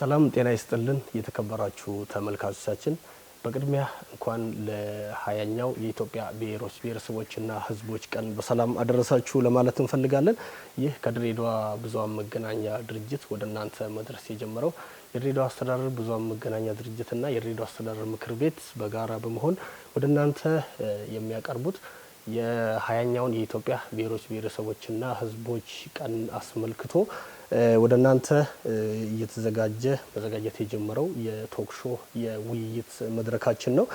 ሰላም ጤና ይስጥልን የተከበራችሁ ተመልካቾቻችን፣ በቅድሚያ እንኳን ለሀያኛው የኢትዮጵያ ብሔሮች ብሔረሰቦችና ሕዝቦች ቀን በሰላም አደረሳችሁ ለማለት እንፈልጋለን። ይህ ከድሬዳዋ ብዙኃን መገናኛ ድርጅት ወደ እናንተ መድረስ የጀመረው የድሬዳዋ አስተዳደር ብዙኃን መገናኛ ድርጅትና የድሬዳዋ አስተዳደር ምክር ቤት በጋራ በመሆን ወደ እናንተ የሚያቀርቡት የሀያኛውን የኢትዮጵያ ብሔሮች ብሔረሰቦችና ሕዝቦች ቀን አስመልክቶ ወደ እናንተ እየተዘጋጀ መዘጋጀት የጀመረው የቶክ ሾ የውይይት መድረካችን ነው።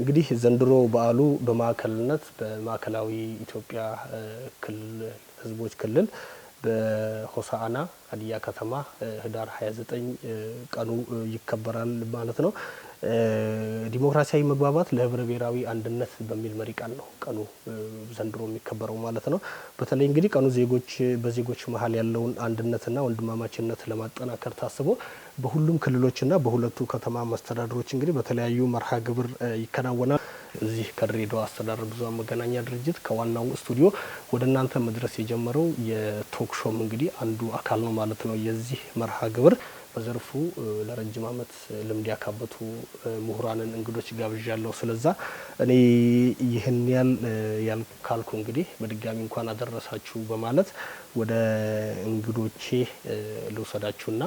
እንግዲህ ዘንድሮ በዓሉ በማዕከልነት በማዕከላዊ ኢትዮጵያ ክልል ህዝቦች ክልል በሆሳአና ሀዲያ ከተማ ህዳር 29 ቀኑ ይከበራል ማለት ነው። ዲሞክራሲያዊ መግባባት ለህብረ ብሔራዊ አንድነት በሚል መሪ ቃል ነው ቀኑ ዘንድሮ የሚከበረው ማለት ነው። በተለይ እንግዲህ ቀኑ ዜጎች በዜጎች መሀል ያለውን አንድነትና ወንድማማችነት ለማጠናከር ታስቦ በሁሉም ክልሎችና በሁለቱ ከተማ መስተዳድሮች እንግዲህ በተለያዩ መርሃ ግብር ይከናወናል። እዚህ ከድሬዳዋ አስተዳደር ብዙኃን መገናኛ ድርጅት ከዋናው ስቱዲዮ ወደ እናንተ መድረስ የጀመረው የቶክሾም እንግዲህ አንዱ አካል ነው ማለት ነው የዚህ መርሃ ግብር በዘርፉ ለረጅም ዓመት ልምድ ያካበቱ ምሁራንን እንግዶች ጋብዣለሁ። ስለዛ እኔ ይህን ያል ያልካልኩ እንግዲህ በድጋሚ እንኳን አደረሳችሁ በማለት ወደ እንግዶቼ ልውሰዳችሁና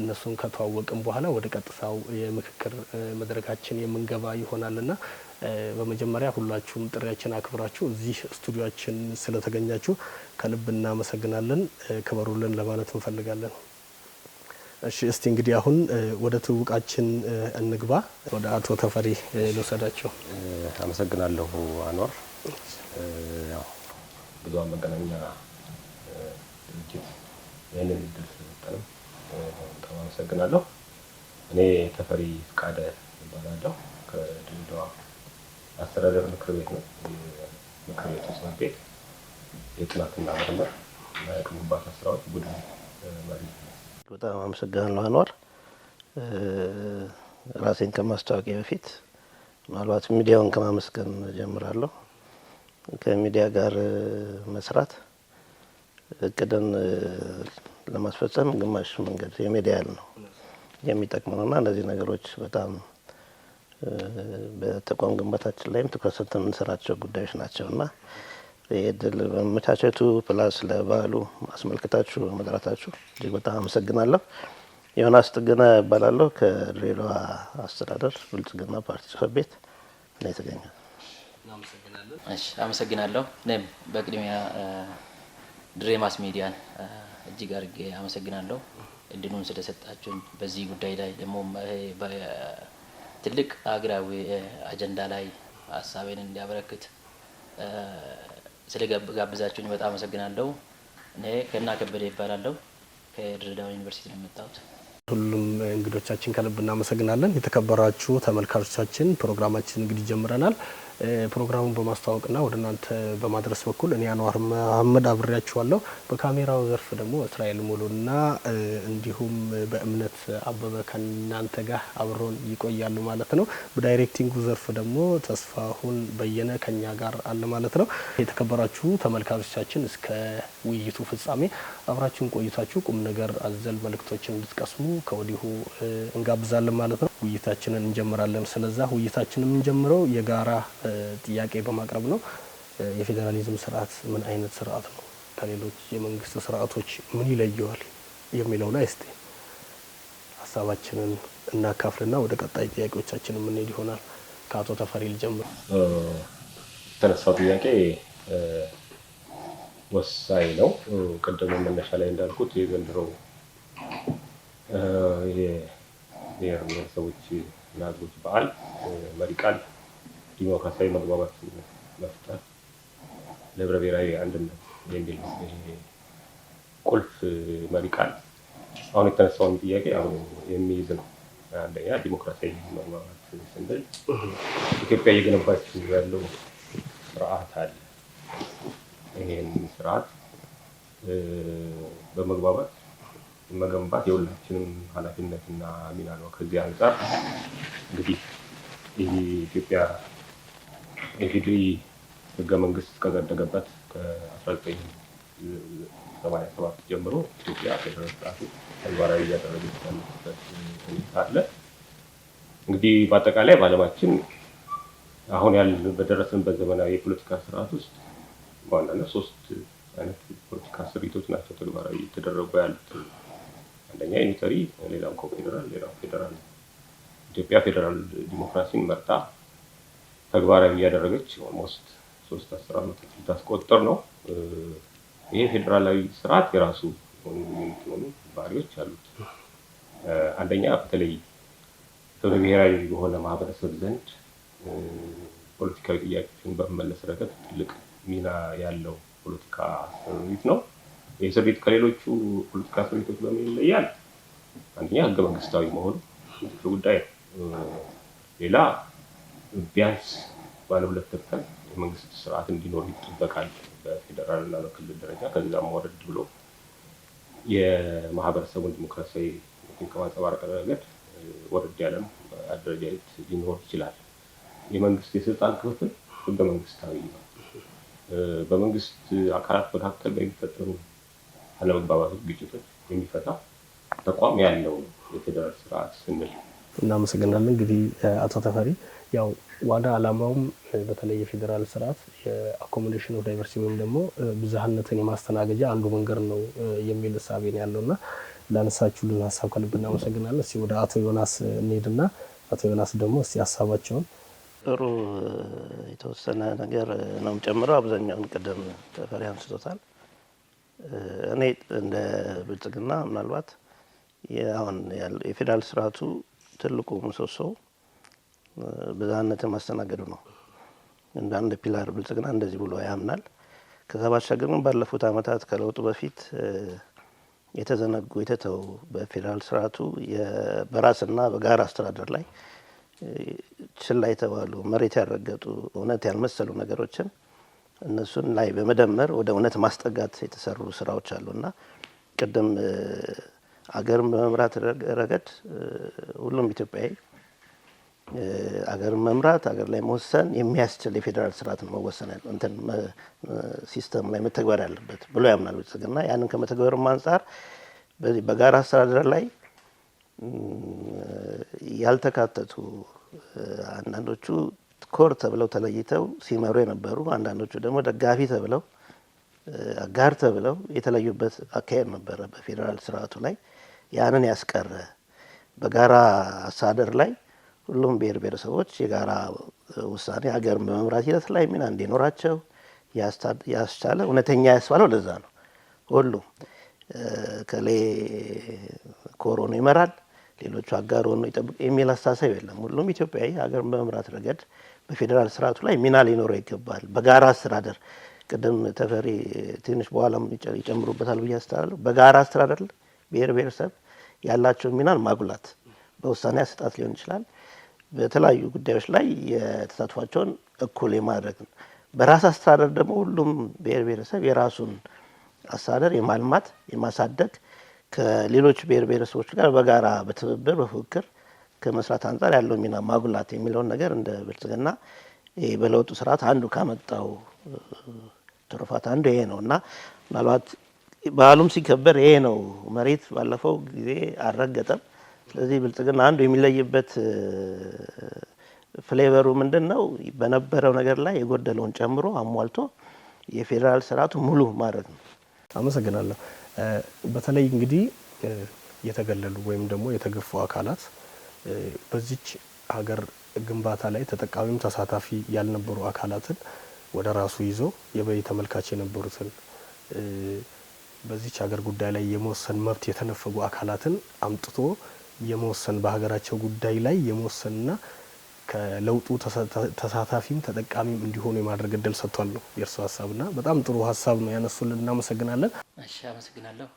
እነሱን ከተዋወቅም በኋላ ወደ ቀጥታው የምክክር መድረካችን የምንገባ ይሆናልና በመጀመሪያ ሁላችሁም ጥሪያችን አክብራችሁ እዚህ ስቱዲዮችን ስለተገኛችሁ ከልብ እናመሰግናለን። ክበሩልን ለማለት እንፈልጋለን። እሺ እስቲ እንግዲህ አሁን ወደ ትውውቃችን እንግባ። ወደ አቶ ተፈሪ ልውሰዳቸው። አመሰግናለሁ አኗር። ብዙኃን መገናኛ ድርጅት ይህንን እድል ስለሰጠንም በጣም አመሰግናለሁ። እኔ ተፈሪ ፍቃደ ይባላለሁ። ከድሬዳዋ አስተዳደር ምክር ቤት ነው ምክር ቤቱ ጽሕፈት ቤት የጥናትና ምርምር ግንባታ ስራዎች ቡድን መሪ በጣም አመሰግናለሁ አኗር። ራሴን ከማስታወቂያ በፊት ምናልባት ሚዲያውን ከማመስገን ጀምራለሁ። ከሚዲያ ጋር መስራት እቅድን ለማስፈጸም ግማሽ መንገድ የሚዲያ ያህል ነው የሚጠቅመውና እነዚህ ነገሮች በጣም በተቋም ግንባታችን ላይም ትኩረት ሰጥተን የምንሰራቸው ጉዳዮች ናቸውና የድል በመቻቸቱ ፕላስ ለባህሉ አስመልክታችሁ መጥራታችሁ እጅግ በጣም አመሰግናለሁ። ዮናስ ጥግነ እባላለሁ ከድሬዳዋ አስተዳደር ብልጽግና ፓርቲ ጽሕፈት ቤት ነው የተገኘ። አመሰግናለሁ። እኔም በቅድሚያ ድሬ ማስ ሚዲያን እጅግ አድርጌ አመሰግናለሁ እድሉን ስለሰጣችሁን በዚህ ጉዳይ ላይ ደግሞ ትልቅ አገራዊ አጀንዳ ላይ ሀሳቤን እንዲያበረክት ስለ ጋብዛችሁኝ በጣም አመሰግናለሁ። እኔ ከና ከበደ ይባላለሁ። ከድሬዳዋ ዩኒቨርሲቲ ነው የመጣሁት። ሁሉም እንግዶቻችን ከልብ እናመሰግናለን። የተከበራችሁ ተመልካቾቻችን ፕሮግራማችን እንግዲህ ጀምረናል። ፕሮግራሙን በማስተዋወቅና ወደ እናንተ በማድረስ በኩል እኔ አንዋር መሀመድ አብሬያችኋለሁ። በካሜራው ዘርፍ ደግሞ እስራኤል ሙሉና እንዲሁም በእምነት አበበ ከእናንተ ጋር አብረውን ይቆያሉ ማለት ነው። በዳይሬክቲንጉ ዘርፍ ደግሞ ተስፋሁን በየነ ከኛ ጋር አለ ማለት ነው። የተከበራችሁ ተመልካቾቻችን እስከ ውይይቱ ፍጻሜ አብራችሁን ቆይታችሁ ቁም ነገር አዘል መልእክቶችን እንድትቀስሙ ከወዲሁ እንጋብዛለን ማለት ነው። ውይይታችንን እንጀምራለን። ስለዛ ውይይታችን የምንጀምረው የጋራ ጥያቄ በማቅረብ ነው። የፌዴራሊዝም ስርዓት ምን አይነት ስርዓት ነው? ከሌሎች የመንግስት ስርዓቶች ምን ይለየዋል? የሚለው ላይ እስቲ ሀሳባችንን እናካፍልና ወደ ቀጣይ ጥያቄዎቻችን የምንሄድ ይሆናል። ከአቶ ተፈሪ ልጀምር። የተነሳው ጥያቄ ወሳኝ ነው። ቅድም መነሻ ላይ እንዳልኩት የዘንድሮው የብሔረሰቦች እና ሕዝቦች በዓል መሪ ቃል ዲሞክራሲያዊ መግባባት መፍጠር ለህብረ ብሔራዊ አንድነት የሚል ቁልፍ መሪ ቃል አሁን የተነሳውን ጥያቄ አሁን የሚይዝ ነው። አንደኛ ዲሞክራሲያዊ መግባባት ስንል ኢትዮጵያ እየገነባችው ያለው ስርዓት አለ። ይህን ስርዓት በመግባባት መገንባት የሁላችንም ኃላፊነትና ሚና ነው። ከዚህ አንጻር እንግዲህ ይህ ኢትዮጵያ የኢፌዴሪ ህገ መንግስት ከጸደቀበት ከ1987 ጀምሮ ኢትዮጵያ ፌደራል ስርዓቱ ተግባራዊ እያደረገች ያለበት ሁኔታ አለ። እንግዲህ በአጠቃላይ በዓለማችን አሁን ያለ በደረስንበት ዘመናዊ የፖለቲካ ስርዓት ውስጥ በዋናነት ሶስት አይነት ፖለቲካ ስሪቶች ናቸው ተግባራዊ የተደረጉ ያሉት። አንደኛ ዩኒተሪ፣ ሌላው ኮፌዴራል፣ ሌላው ፌዴራል ኢትዮጵያ ፌዴራል ዲሞክራሲን መርጣ ተግባራዊ እያደረገች ኦልሞስት ሶስት አስር ዓመታት ልታስቆጥር ነው። ይህ ፌዴራላዊ ስርዓት የራሱ የሚሆኑ ባህሪዎች አሉት። አንደኛ በተለይ በብሔራዊ የሆነ በሆነ ማህበረሰብ ዘንድ ፖለቲካዊ ጥያቄዎችን በመመለስ ረገድ ትልቅ ሚና ያለው ፖለቲካ ስርዓት ነው። የእስር ቤት ከሌሎቹ ፖለቲካ እስር ቤቶች በምን ይለያል? አንደኛ ህገ መንግስታዊ መሆኑ ጉዳይ ነው። ሌላ ቢያንስ ባለ ሁለት እርከን የመንግስት ስርዓት እንዲኖር ይጠበቃል በፌደራል እና በክልል ደረጃ። ከዛም ወረድ ብሎ የማህበረሰቡን ዲሞክራሲያዊ ከማንጸባረቅ ረገድ ወረድ ያለም አደረጃጀት ሊኖር ይችላል። የመንግስት የስልጣን ክፍፍል ህገ መንግስታዊ ነው። በመንግስት አካላት መካከል በሚፈጠሩ አለመግባባቶች፣ ግጭቶች የሚፈታ ተቋም ያለው የፌደራል ስርዓት ስንል እናመሰግናለን። እንግዲህ አቶ ተፈሪ ያው ዋና አላማውም በተለይ የፌዴራል ስርዓት የአኮሞዴሽን ኦፍ ዳይቨርሲቲ ወይም ደግሞ ብዝሃነትን የማስተናገጃ አንዱ መንገድ ነው የሚል እሳቤን ያለው እና ላነሳችሁልን ሀሳብ ከልብ እናመሰግናለን። እስኪ ወደ አቶ ዮናስ እንሄድና አቶ ዮናስ ደግሞ እስኪ ሀሳባቸውን ጥሩ የተወሰነ ነገር ነው ጨምረው አብዛኛውን ቅድም ተፈሪ አንስቶታል። እኔ እንደ ብልጽግና ምናልባት አሁን የፌዴራል ስርዓቱ ትልቁ ምሰሶ ብዝሃነትን ማስተናገዱ ነው። እንደ አንድ ፒላር ብልጽግና እንደዚህ ብሎ ያምናል። ከዛ ባሻገር ግን ባለፉት አመታት ከለውጡ በፊት የተዘነጉ የተተው በፌዴራል ስርዓቱ በራስና በጋራ አስተዳደር ላይ ችላ የተባሉ መሬት ያረገጡ እውነት ያልመሰሉ ነገሮችን እነሱን ላይ በመደመር ወደ እውነት ማስጠጋት የተሰሩ ስራዎች አሉ እና ቅድም አገርን በመምራት ረገድ ሁሉም ኢትዮጵያዊ አገርን መምራት አገር ላይ መወሰን የሚያስችል የፌዴራል ስርዓትን መወሰን እንትን ሲስተም ላይ መተግበር ያለበት ብሎ ያምናል ብልጽግና። ያንን ከመተግበርም አንጻር በዚህ በጋራ አስተዳደር ላይ ያልተካተቱ አንዳንዶቹ ኮር ተብለው ተለይተው ሲመሩ የነበሩ አንዳንዶቹ ደግሞ ደጋፊ ተብለው አጋር ተብለው የተለዩበት አካሄድ ነበረ በፌዴራል ስርዓቱ ላይ ያንን ያስቀረ በጋራ አሳደር ላይ ሁሉም ብሔር ብሔረሰቦች የጋራ ውሳኔ ሀገርን በመምራት ሂደት ላይ ሚና እንዲኖራቸው ያስቻለ እውነተኛ ያስባለው ለዛ ነው። ሁሉም ከሌ ሆኖ ይመራል ሌሎቹ አጋር ሆኖ የሚል አስተሳሰብ የለም። ሁሉም ኢትዮጵያዊ ሀገርን በመምራት ረገድ በፌዴራል ስርዓቱ ላይ ሚና ሊኖረው ይገባል። በጋራ አስተዳደር ቅድም ተፈሪ ትንሽ በኋላም ይጨምሩበታል ብዬ አስተላለሁ። በጋራ አስተዳደር ብሔር ብሔረሰብ ያላቸውን ሚናን ማጉላት በውሳኔ አሰጣት ሊሆን ይችላል። በተለያዩ ጉዳዮች ላይ የተሳትፏቸውን እኩል የማድረግ ነው። በራስ አስተዳደር ደግሞ ሁሉም ብሔር ብሔረሰብ የራሱን አስተዳደር የማልማት የማሳደግ ከሌሎች ብሔር ብሔረሰቦች ጋር በጋራ በትብብር በፉክክር ከመስራት አንጻር ያለው ሚና ማጉላት የሚለውን ነገር እንደ ብልጽግና በለውጡ ስርዓት አንዱ ካመጣው ትሩፋት አንዱ ይሄ ነው እና ምናልባት በዓሉም ሲከበር ይሄ ነው መሬት ባለፈው ጊዜ አልረገጠም። ስለዚህ ብልጽግና አንዱ የሚለይበት ፍሌቨሩ ምንድን ነው? በነበረው ነገር ላይ የጎደለውን ጨምሮ አሟልቶ የፌዴራል ስርዓቱ ሙሉ ማድረግ ነው። አመሰግናለሁ። በተለይ እንግዲህ የተገለሉ ወይም ደግሞ የተገፉ አካላት በዚች ሀገር ግንባታ ላይ ተጠቃሚም ተሳታፊ ያልነበሩ አካላትን ወደ ራሱ ይዞ የበይ ተመልካች የነበሩትን በዚች ሀገር ጉዳይ ላይ የመወሰን መብት የተነፈጉ አካላትን አምጥቶ የመወሰን በሀገራቸው ጉዳይ ላይ የመወሰንና ከለውጡ ተሳታፊም ተጠቃሚም እንዲሆኑ የማድረግ እድል ሰጥቷል ነው የእርሱ ሀሳብና በጣም ጥሩ ሀሳብ ነው ያነሱልን። እናመሰግናለን። እሺ፣ አመሰግናለሁ።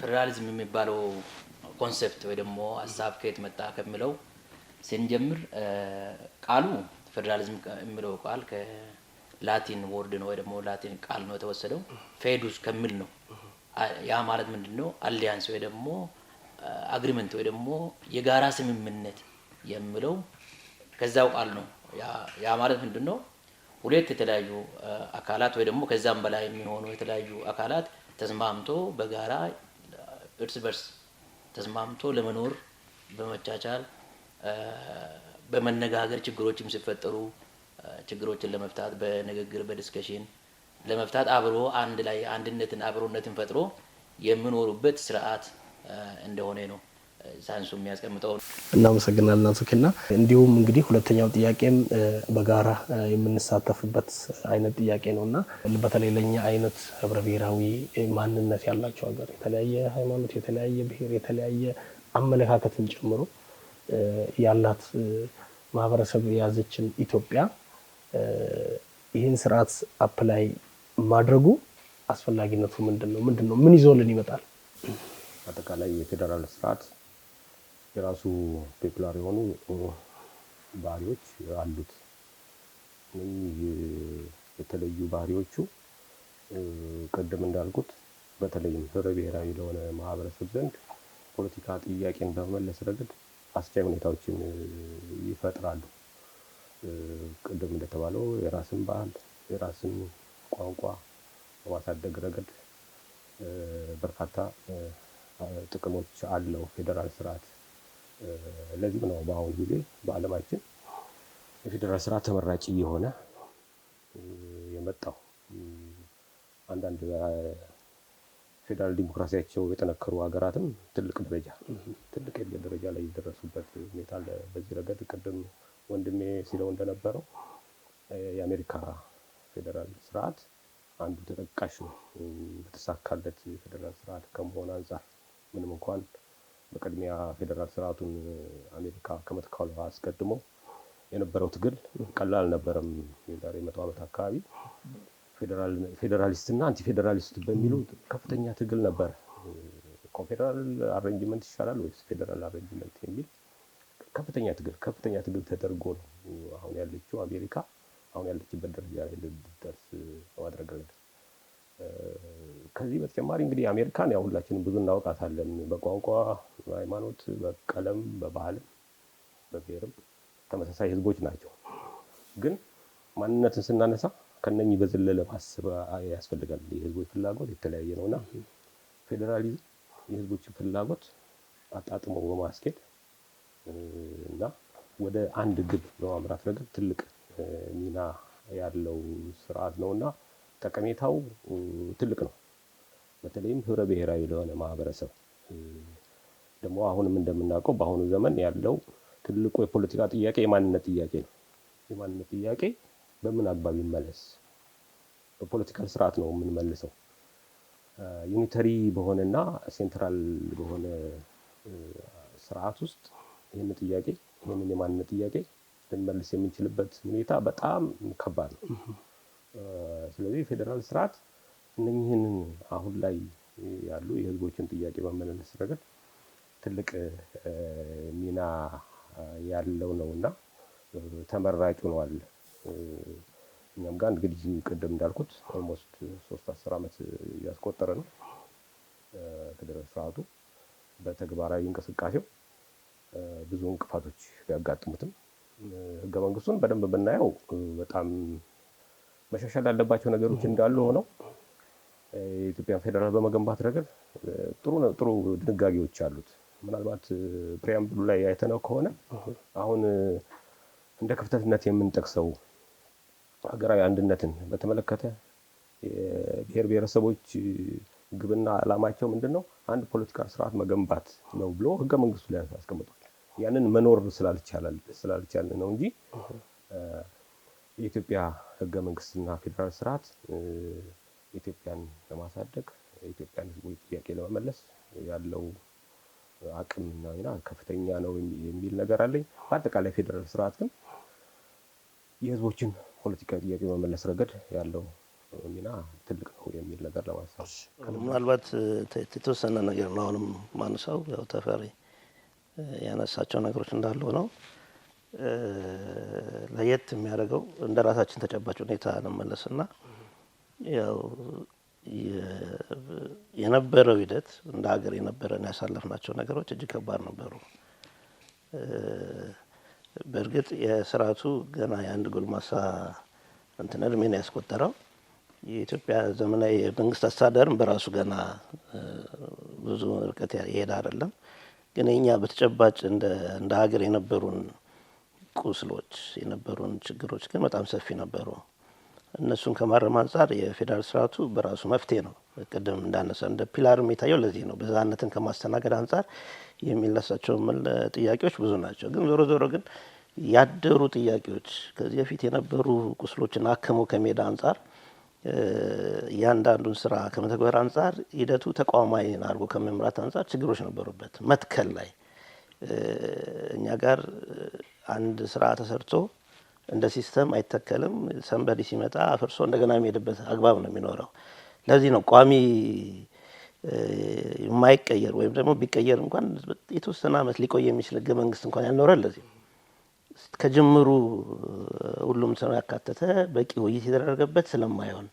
ፌዴራሊዝም የሚባለው ኮንሰፕት ወይ ደግሞ ሀሳብ ከየት መጣ ከሚለው ስንጀምር ቃሉ ፌዴራሊዝም የሚለው ቃል ከላቲን ወርድ ነው ወይ ደግሞ ላቲን ቃል ነው የተወሰደው ፌዱስ ከሚል ነው። ያ ማለት ምንድን ነው? አሊያንስ ወይ ደግሞ አግሪመንት ወይ ደግሞ የጋራ ስምምነት የሚለው ከዛው ቃል ነው። ያ ማለት ምንድን ነው? ሁለት የተለያዩ አካላት ወይ ደግሞ ከዛም በላይ የሚሆኑ የተለያዩ አካላት ተስማምቶ በጋራ እርስ በርስ ተስማምቶ ለመኖር በመቻቻል በመነጋገር ችግሮችም ሲፈጠሩ ችግሮችን ለመፍታት በንግግር በዲስከሽን ለመፍታት አብሮ አንድ ላይ አንድነትን አብሮነትን ፈጥሮ የሚኖሩበት ስርዓት እንደሆነ ነው። ሳይንሱ የሚያስቀምጠው። እናመሰግናለን አቶ። እንዲሁም እንግዲህ ሁለተኛው ጥያቄም በጋራ የምንሳተፍበት አይነት ጥያቄ ነው እና በተለይ ለእኛ አይነት ህብረ ብሔራዊ ማንነት ያላቸው ሀገር የተለያየ ሃይማኖት፣ የተለያየ ብሔር፣ የተለያየ አመለካከትን ጨምሮ ያላት ማህበረሰብ የያዘችን ኢትዮጵያ ይህን ስርዓት አፕላይ ማድረጉ አስፈላጊነቱ ምንድን ነው? ምንድን ነው? ምን ይዞልን ይመጣል? አጠቃላይ የፌዴራል ስርዓት የራሱ ፔፕላር የሆኑ ባህሪዎች አሉት። የተለዩ ባህሪዎቹ ቅድም እንዳልኩት በተለይም ህብረ ብሔራዊ ለሆነ ማህበረሰብ ዘንድ ፖለቲካ ጥያቄን በመመለስ ረገድ አስቻይ ሁኔታዎችን ይፈጥራሉ። ቅድም እንደተባለው የራስን ባህል፣ የራስን ቋንቋ በማሳደግ ረገድ በርካታ ጥቅሞች አለው ፌዴራል ስርዓት። ለዚህም ነው በአሁኑ ጊዜ በዓለማችን የፌዴራል ስራ ተመራጭ እየሆነ የመጣው። አንዳንድ ፌዴራል ዲሞክራሲያቸው የጠነከሩ ሀገራትም ትልቅ ደረጃ ትልቅ የለ ደረጃ ላይ የደረሱበት ሁኔታ አለ። በዚህ ረገድ ቅድም ወንድሜ ሲለው እንደነበረው የአሜሪካ ፌዴራል ስርዓት አንዱ ተጠቃሽ ነው። በተሳካለት የፌደራል ስርዓት ከመሆን አንጻር ምንም እንኳን በቅድሚያ ፌዴራል ስርዓቱን አሜሪካ ከመትከሏ አስቀድሞ የነበረው ትግል ቀላል አልነበረም። የዛሬ መቶ ዓመት አካባቢ ፌዴራሊስት እና አንቲ ፌዴራሊስት በሚሉ ከፍተኛ ትግል ነበር። ኮንፌዴራል አሬንጅመንት ይሻላል ወይስ ፌዴራል አሬንጅመንት የሚል ከፍተኛ ትግል ከፍተኛ ትግል ተደርጎ ነው አሁን ያለችው አሜሪካ አሁን ያለችበት ደረጃ ላይ ልደርስ ማድረግ ከዚህ በተጨማሪ እንግዲህ አሜሪካን ያው ሁላችንም ብዙ እናውቃታለን። በቋንቋ፣ በሃይማኖት፣ በቀለም፣ በባህልም በብሔርም ተመሳሳይ ህዝቦች ናቸው። ግን ማንነትን ስናነሳ ከነኚህ በዘለለ ማሰብ ያስፈልጋል። የህዝቦች ፍላጎት የተለያየ ነው እና ፌዴራሊዝም የህዝቦችን ፍላጎት አጣጥሞ በማስኬድ እና ወደ አንድ ግብ በማምራት ረገድ ትልቅ ሚና ያለው ስርዓት ነው እና ጠቀሜታው ትልቅ ነው። በተለይም ህብረ ብሔራዊ ለሆነ ማህበረሰብ ደግሞ አሁንም እንደምናውቀው በአሁኑ ዘመን ያለው ትልቁ የፖለቲካ ጥያቄ የማንነት ጥያቄ ነው። የማንነት ጥያቄ በምን አግባብ ይመለስ? በፖለቲካል ስርዓት ነው የምንመልሰው። ዩኒተሪ በሆነና ሴንትራል በሆነ ስርዓት ውስጥ ይህን ጥያቄ ይህንን የማንነት ጥያቄ ልንመልስ የምንችልበት ሁኔታ በጣም ከባድ ነው። ስለዚህ ፌዴራል ስርዓት እነኚህንን አሁን ላይ ያሉ የህዝቦችን ጥያቄ በመመለስ ረገድ ትልቅ ሚና ያለው ነው እና ተመራጭ ሆኗል። እኛም ጋር እንግዲህ ቅድም እንዳልኩት ኦልሞስት ሶስት አስር አመት እያስቆጠረ ነው። ከደረጃ ስርዓቱ በተግባራዊ እንቅስቃሴው ብዙ እንቅፋቶች ቢያጋጥሙትም ህገ መንግስቱን በደንብ ብናየው በጣም መሻሻል ያለባቸው ነገሮች እንዳሉ ሆነው የኢትዮጵያ ፌዴራል በመገንባት ረገድ ጥሩ ጥሩ ድንጋጌዎች አሉት። ምናልባት ፕሪያምብሉ ላይ አይተነው ከሆነ አሁን እንደ ክፍተትነት የምንጠቅሰው ሀገራዊ አንድነትን በተመለከተ የብሔር ብሔረሰቦች ግብና ዓላማቸው ምንድን ነው? አንድ ፖለቲካ ስርዓት መገንባት ነው ብሎ ህገ መንግስቱ ላይ አስቀምጧል። ያንን መኖር ስላልቻለ ነው እንጂ የኢትዮጵያ ህገ መንግስትና ፌዴራል ስርዓት ኢትዮጵያን ለማሳደግ የኢትዮጵያን ህዝቦች ጥያቄ ለመመለስ ያለው አቅም እና ሚና ከፍተኛ ነው የሚል ነገር አለኝ። በአጠቃላይ ፌዴራል ስርዓት ግን የህዝቦችን ፖለቲካዊ ጥያቄ በመመለስ ረገድ ያለው ሚና ትልቅ ነው የሚል ነገር ለማንሳት ምናልባት የተወሰነ ነገር ነው አሁንም ማንሳው ያው ተፈሪ ያነሳቸው ነገሮች እንዳሉ ነው። ለየት የሚያደርገው እንደ ራሳችን ተጨባጭ ሁኔታ እንመለስና ያው የነበረው ሂደት እንደ ሀገር የነበረን ያሳለፍናቸው ነገሮች እጅግ ከባድ ነበሩ። በእርግጥ የስርዓቱ ገና የአንድ ጎልማሳ እንትን እድሜን ያስቆጠረው የኢትዮጵያ ዘመናዊ የመንግስት አስተዳደርም በራሱ ገና ብዙ ርቀት የሄደ አይደለም። ግን እኛ በተጨባጭ እንደ ሀገር የነበሩን ቁስሎች የነበሩን ችግሮች ግን በጣም ሰፊ ነበሩ። እነሱን ከማረም አንጻር የፌዴራል ስርዓቱ በራሱ መፍትሄ ነው። ቅድም እንዳነሳ እንደ ፒላር የሚታየው ለዚህ ነው። ብዝሃነትን ከማስተናገድ አንጻር የሚነሳቸው ጥያቄዎች ብዙ ናቸው። ግን ዞሮ ዞሮ ግን ያደሩ ጥያቄዎች ከዚህ በፊት የነበሩ ቁስሎችን አክሞ ከሜዳ አንጻር እያንዳንዱን ስራ ከመተግበር አንጻር ሂደቱ ተቋማዊ አድርጎ ከመምራት አንጻር ችግሮች ነበሩበት። መትከል ላይ እኛ ጋር አንድ ስራ ተሰርቶ እንደ ሲስተም አይተከልም። ሰንበዲ ሲመጣ አፍርሶ እንደገና የሚሄድበት አግባብ ነው የሚኖረው። ለዚህ ነው ቋሚ የማይቀየር ወይም ደግሞ ቢቀየር እንኳን የተወሰነ ዓመት ሊቆይ የሚችል ህገ መንግስት እንኳን ያልኖረ ለዚህ ከጅምሩ ሁሉም ሰው ያካተተ በቂ ውይይት የተደረገበት ስለማይሆን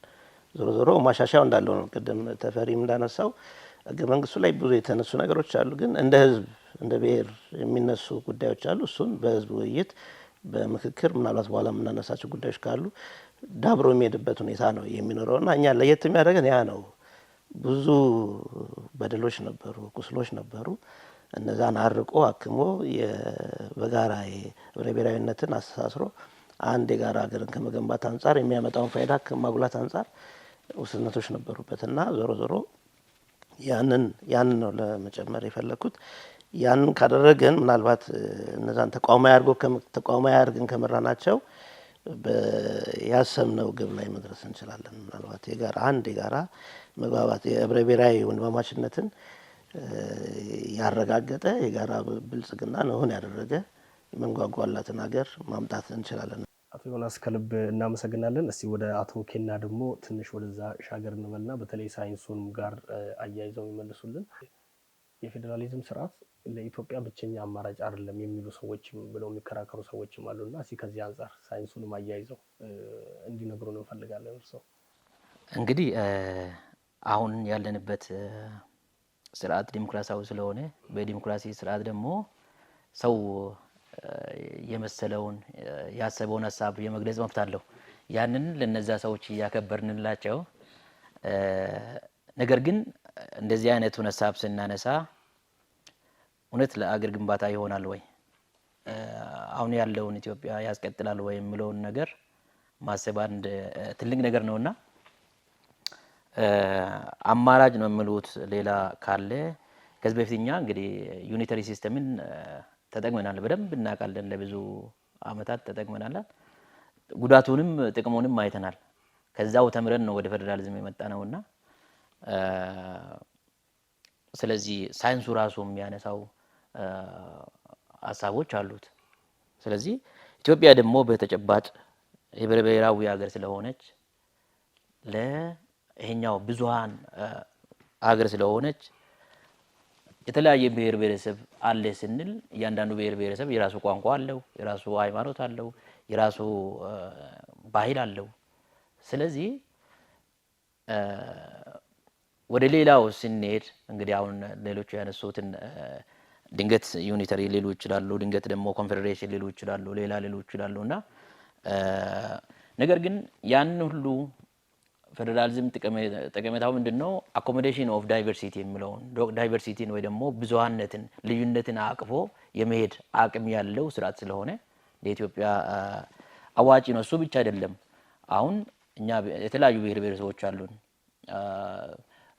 ዞሮ ዞሮ ማሻሻያው እንዳለው ነው። ቅድም ተፈሪም እንዳነሳው ህገ መንግስቱ ላይ ብዙ የተነሱ ነገሮች አሉ። ግን እንደ ህዝብ እንደ ብሔር የሚነሱ ጉዳዮች አሉ። እሱን በህዝብ ውይይት በምክክር ምናልባት በኋላ የምናነሳቸው ጉዳዮች ካሉ ዳብሮ የሚሄድበት ሁኔታ ነው እና እኛ ለየት የሚያደርገን ያ ነው። ብዙ በደሎች ነበሩ፣ ቁስሎች ነበሩ። እነዛን አርቆ አክሞ በጋራ ህብረ ብሔራዊነትን አስተሳስሮ አንድ የጋራ ሀገርን ከመገንባት አንጻር የሚያመጣውን ፋይዳ ከማጉላት አንጻር ነበሩበት ነበሩበትና ዞሮ ዞሮ ያንን ያንን ነው ለመጨመር የፈለግኩት። ያንን ካደረግን ምናልባት እነዛን ተቋማዊ አድርጎ ተቋማዊ አድርገን ከመራናቸው ያሰብነው ግብ ላይ መድረስ እንችላለን። ምናልባት የጋራ አንድ የጋራ መግባባት የህብረ ብሔራዊ ወንድማማችነትን ያረጋገጠ የጋራ ብልጽግና ነሆን ያደረገ መንጓጓላትን ሀገር ማምጣት እንችላለን። አቶ ዮናስ ከልብ እናመሰግናለን። እስቲ ወደ አቶ ኬና ደግሞ ትንሽ ወደዛ ሻገር እንበልና በተለይ ሳይንሱን ጋር አያይዘው ይመልሱልን። የፌዴራሊዝም ስርዓት ለኢትዮጵያ ብቸኛ አማራጭ አይደለም የሚሉ ሰዎችም ብለው የሚከራከሩ ሰዎችም አሉ እና እስኪ ከዚህ አንጻር ሳይንሱንም አያይዘው እንዲነግሩን እንፈልጋለን። እርስዎ እንግዲህ አሁን ያለንበት ስርዓት ዲሞክራሲያዊ ስለሆነ በዲሞክራሲ ስርዓት ደግሞ ሰው የመሰለውን ያሰበውን ሀሳብ የመግለጽ መብት አለው። ያንን ለነዛ ሰዎች እያከበርንላቸው ነገር ግን እንደዚህ አይነቱን ሀሳብ ስናነሳ እውነት ለአገር ግንባታ ይሆናል ወይ አሁን ያለውን ኢትዮጵያ ያስቀጥላል ወይ የሚለውን ነገር ማሰብ አንድ ትልቅ ነገር እና አማራጭ ነው የሚሉት ሌላ ካለ ከዚህ በፊት እኛ እንግዲህ ዩኒተሪ ሲስተምን ተጠቅመናል፣ በደንብ እናውቃለን። ለብዙ አመታት ተጠቅመናል። ጉዳቱንም ጥቅሙንም አይተናል። ከዛው ተምረን ነው ወደ ፌዴራሊዝም የመጣ ነውና ስለዚህ ሳይንሱ ራሱ የሚያነሳው ሀሳቦች አሉት። ስለዚህ ኢትዮጵያ ደግሞ በተጨባጭ ህብረ ብሔራዊ ሀገር ስለሆነች ለይሄኛው ብዙሀን ሀገር ስለሆነች የተለያየ ብሔር ብሔረሰብ አለ ስንል እያንዳንዱ ብሔር ብሔረሰብ የራሱ ቋንቋ አለው፣ የራሱ ሃይማኖት አለው፣ የራሱ ባህል አለው። ስለዚህ ወደ ሌላው ስንሄድ እንግዲህ አሁን ሌሎቹ ያነሱትን ድንገት ዩኒተሪ ሊሉ ይችላሉ፣ ድንገት ደግሞ ኮንፌዴሬሽን ሊሉ ይችላሉ፣ ሌላ ሊሉ ይችላሉ እና ነገር ግን ያን ሁሉ ፌዴራሊዝም ጠቀሜታው ምንድን ነው? አኮሞዴሽን ኦፍ ዳይቨርሲቲ የሚለውን ዳይቨርሲቲን ወይ ደግሞ ብዙሀነትን ልዩነትን አቅፎ የመሄድ አቅም ያለው ስርዓት ስለሆነ ለኢትዮጵያ አዋጭ ነው። እሱ ብቻ አይደለም። አሁን እኛ የተለያዩ ብሔር ብሄረሰቦች አሉን።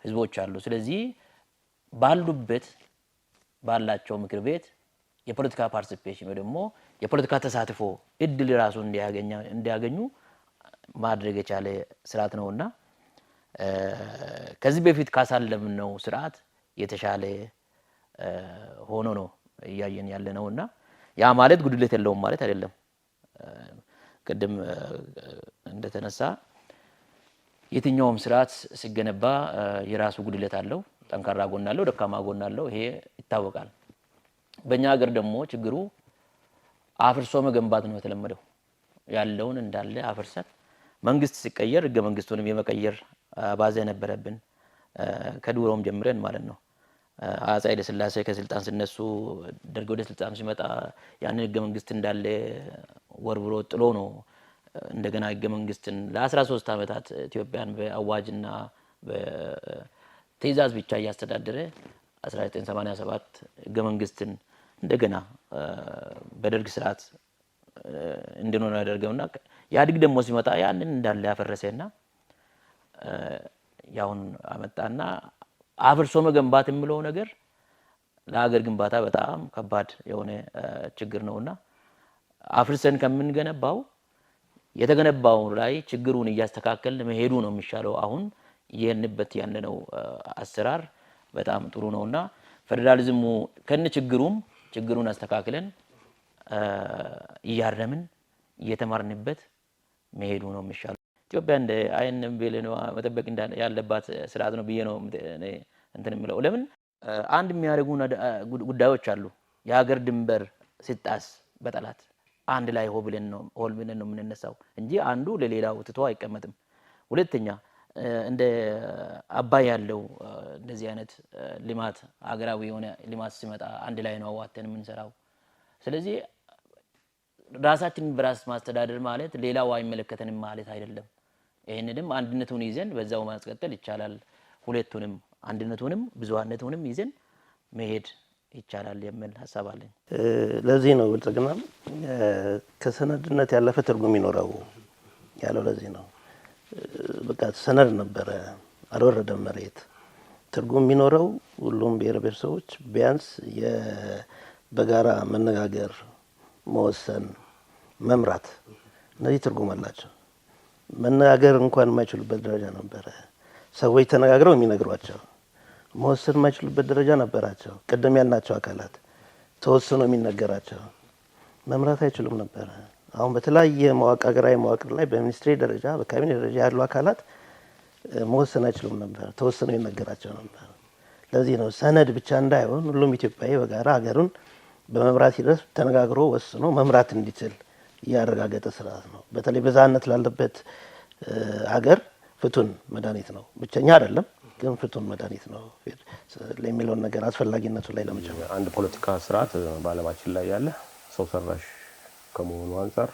ህዝቦች አሉ። ስለዚህ ባሉበት ባላቸው ምክር ቤት የፖለቲካ ፓርቲሲፔሽን ወይ ደግሞ የፖለቲካ ተሳትፎ እድል ራሱ እንዲያገኙ ማድረግ የቻለ ስርዓት እና ከዚህ በፊት ካሳለምነው ስርዓት የተሻለ ሆኖ ነው እያየን ያለ እና ያ ማለት ጉድለት የለውም ማለት አይደለም። ቅድም እንደተነሳ የትኛውም ስርዓት ሲገነባ የራሱ ጉድለት አለው። ጠንካራ ጎን አለው፣ ደካማ ጎን አለው። ይሄ ይታወቃል። በእኛ ሀገር ደግሞ ችግሩ አፍርሶ መገንባት ነው የተለመደው። ያለውን እንዳለ አፍርሰን መንግስት ሲቀየር ህገ መንግስቱንም የመቀየር አባዜ ነበረብን ከድሮም ጀምረን ማለት ነው። አፄ ኃይለ ስላሴ ከስልጣን ሲነሱ ደርግ ወደ ስልጣን ሲመጣ ያንን ህገ መንግስት እንዳለ ወርብሮ ጥሎ ነው እንደገና ህገ መንግስትን ለ13 ዓመታት ኢትዮጵያን በአዋጅና በትእዛዝ ብቻ እያስተዳደረ 1987 ህገ መንግስትን እንደገና በደርግ ስርዓት እንድኖር ያደርገውና ኢህአዴግ ደግሞ ሲመጣ ያንን እንዳለ ያፈረሰና ያሁን አመጣና አፍርሶ መገንባት የምለው ነገር ለሀገር ግንባታ በጣም ከባድ የሆነ ችግር ነውና አፍርሰን ከምንገነባው የተገነባው ላይ ችግሩን እያስተካከል መሄዱ ነው የሚሻለው። አሁን ይህንበት ያለነው አሰራር በጣም ጥሩ ነው እና ፌዴራሊዝሙ ከን ችግሩም ችግሩን አስተካክለን እያረምን እየተማርንበት መሄዱ ነው የሚሻለው። ኢትዮጵያ እንደ አይን መጠበቅ ያለባት ስርዓት ነው ብዬ ነው እንትን የምለው። ለምን አንድ የሚያደርጉ ጉዳዮች አሉ። የሀገር ድንበር ሲጣስ በጠላት አንድ ላይ ሆ ብለን ነው ሆል ብለን ነው የምንነሳው እንጂ አንዱ ለሌላው ትቶ አይቀመጥም። ሁለተኛ እንደ አባይ ያለው እንደዚህ አይነት ልማት አገራዊ የሆነ ልማት ሲመጣ አንድ ላይ ነው አዋተን የምንሰራው። ስለዚህ ራሳችንን በራስ ማስተዳደር ማለት ሌላው አይመለከተንም ማለት አይደለም። ይህንንም አንድነቱን ይዘን በዛው ማስቀጠል ይቻላል። ሁለቱንም አንድነቱንም ብዙሀነቱንም ይዘን መሄድ ይቻላል የሚል ሀሳብ አለኝ። ለዚህ ነው ብልጽግና ከሰነድነት ያለፈ ትርጉም ይኖረው ያለው። ለዚህ ነው በቃ ሰነድ ነበረ፣ አልወረደም መሬት። ትርጉም የሚኖረው ሁሉም ብሔር ብሔረሰቦች ቢያንስ በጋራ መነጋገር፣ መወሰን፣ መምራት እነዚህ ትርጉም አላቸው። መነጋገር እንኳን የማይችሉበት ደረጃ ነበረ። ሰዎች ተነጋግረው የሚነግሯቸው መወሰን የማይችሉበት ደረጃ ነበራቸው። ቅድም ያልናቸው አካላት ተወስኖ የሚነገራቸው መምራት አይችሉም ነበረ። አሁን በተለያየ መዋቅ ሀገራዊ መዋቅር ላይ በሚኒስትሪ ደረጃ በካቢኔ ደረጃ ያሉ አካላት መወሰን አይችሉም ነበር፣ ተወስኖ ይነገራቸው ነበር። ለዚህ ነው ሰነድ ብቻ እንዳይሆን ሁሉም ኢትዮጵያዊ በጋራ ሀገሩን በመምራት ሂደት ተነጋግሮ ወስኖ መምራት እንዲችል እያረጋገጠ ስርዓት ነው። በተለይ ብዝሃነት ላለበት ሀገር ፍቱን መድኃኒት ነው። ብቸኛ አይደለም። ግን ፍቱን መድኃኒት ነው የሚለውን ነገር አስፈላጊነቱ ላይ ለመጨመር አንድ ፖለቲካ ስርዓት በአለማችን ላይ ያለ ሰው ሰራሽ ከመሆኑ አንጻር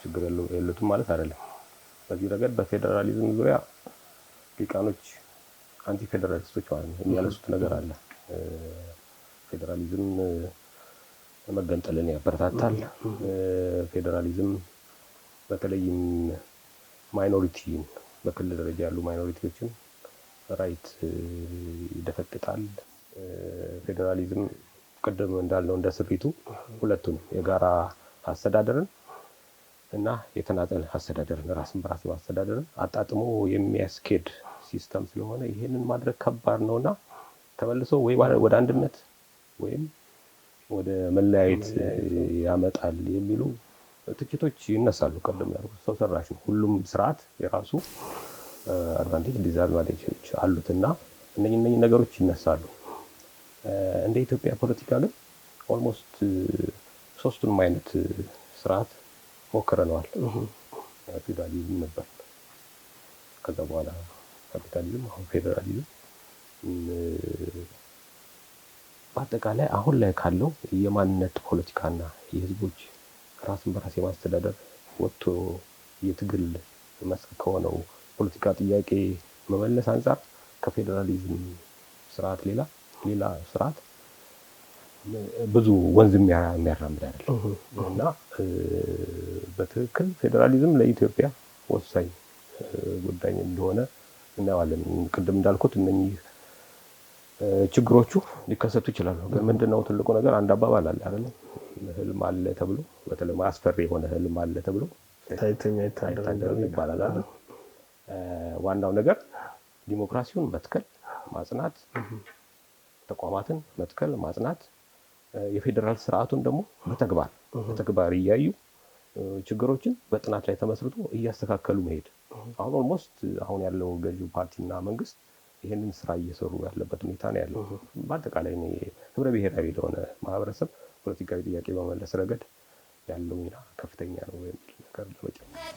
ችግር የሉትም ማለት አይደለም። በዚህ ረገድ በፌዴራሊዝም ዙሪያ ሊቃኖች አንቲ ፌዴራሊስቶች ማለት ነው የሚያነሱት ነገር አለ። ፌዴራሊዝም መገንጠልን ያበረታታል። ፌዴራሊዝም በተለይም ማይኖሪቲን በክልል ደረጃ ያሉ ማይኖሪቲዎችን ራይት ይደፈጥጣል። ፌዴራሊዝም ቅድም እንዳልነው እንደ ስሪቱ ሁለቱን የጋራ አስተዳደርን እና የተናጠል አስተዳደርን ራስን በራስ አስተዳደርን አጣጥሞ የሚያስኬድ ሲስተም ስለሆነ ይህንን ማድረግ ከባድ ነው እና ተመልሶ ወይ ወደ አንድነት ወይም ወደ መለያየት ያመጣል የሚሉ ትችቶች ይነሳሉ። ቅድም ያልኩት ሰው ሰራሽ ነው። ሁሉም ስርዓት የራሱ አድቫንቴጅ ዲስአድቫንቴጆች አሉት እና እነኝ እነኝህ ነገሮች ይነሳሉ። እንደ ኢትዮጵያ ፖለቲካ ግን ኦልሞስት ሶስቱንም አይነት ስርዓት ሞክረነዋል። ፌዴራሊዝም ነበር፣ ከዛ በኋላ ካፒታሊዝም፣ አሁን ፌዴራሊዝም። በአጠቃላይ አሁን ላይ ካለው የማንነት ፖለቲካና የህዝቦች ራስን በራስ የማስተዳደር ወጥቶ የትግል መስክ ከሆነው ፖለቲካ ጥያቄ መመለስ አንጻር ከፌዴራሊዝም ስርዓት ሌላ ሌላ ስርዓት ብዙ ወንዝ የሚያራምድ አይደለም እና በትክክል ፌዴራሊዝም ለኢትዮጵያ ወሳኝ ጉዳይ እንደሆነ እናየዋለን። ቅድም እንዳልኩት እነህ ችግሮቹ ሊከሰቱ ይችላሉ። ግን ምንድነው ትልቁ ነገር አንድ አባባል አለ አለ ህልም አለ ተብሎ በተለይ አስፈሪ የሆነ ህልም አለ ተብሎ ይባላል። ዋናው ነገር ዲሞክራሲውን መትከል፣ ማጽናት፣ ተቋማትን መትከል፣ ማጽናት፣ የፌዴራል ስርዓቱን ደግሞ በተግባር በተግባር እያዩ ችግሮችን በጥናት ላይ ተመስርቶ እያስተካከሉ መሄድ። አሁን ኦልሞስት አሁን ያለው ገዢው ፓርቲና መንግስት ይህንን ስራ እየሰሩ ያለበት ሁኔታ ነው ያለው። በአጠቃላይ ህብረ ብሔራዊ ለሆነ ማህበረሰብ ፖለቲካዊ ጥያቄ በመለስ ረገድ ያለው ሚና ከፍተኛ ነው የሚል ነገር ለመጨመር